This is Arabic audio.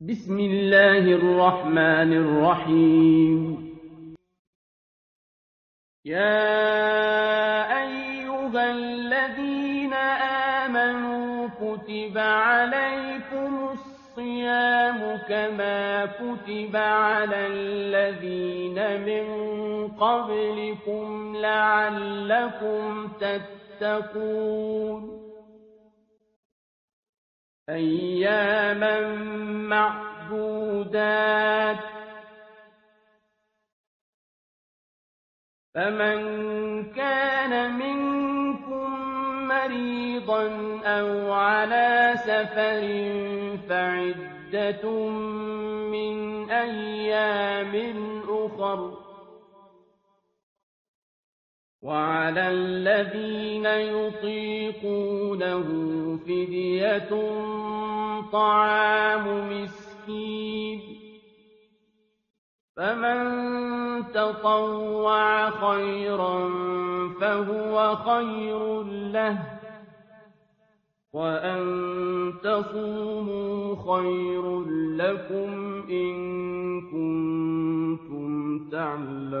بسم الله الرحمن الرحيم يا أيها الذين آمنوا كتب عليكم الصيام كما كتب على الذين من قبلكم لعلكم تتقون أياما معدودات فمن كان منكم مريضا أو على سفر فعدة من أيام أخر وعلى الذين يطيقونه فدية طعام مسكين فمن تطوع خيرا فهو خير له وأن تصوموا خير لكم إن كنتم تعلمون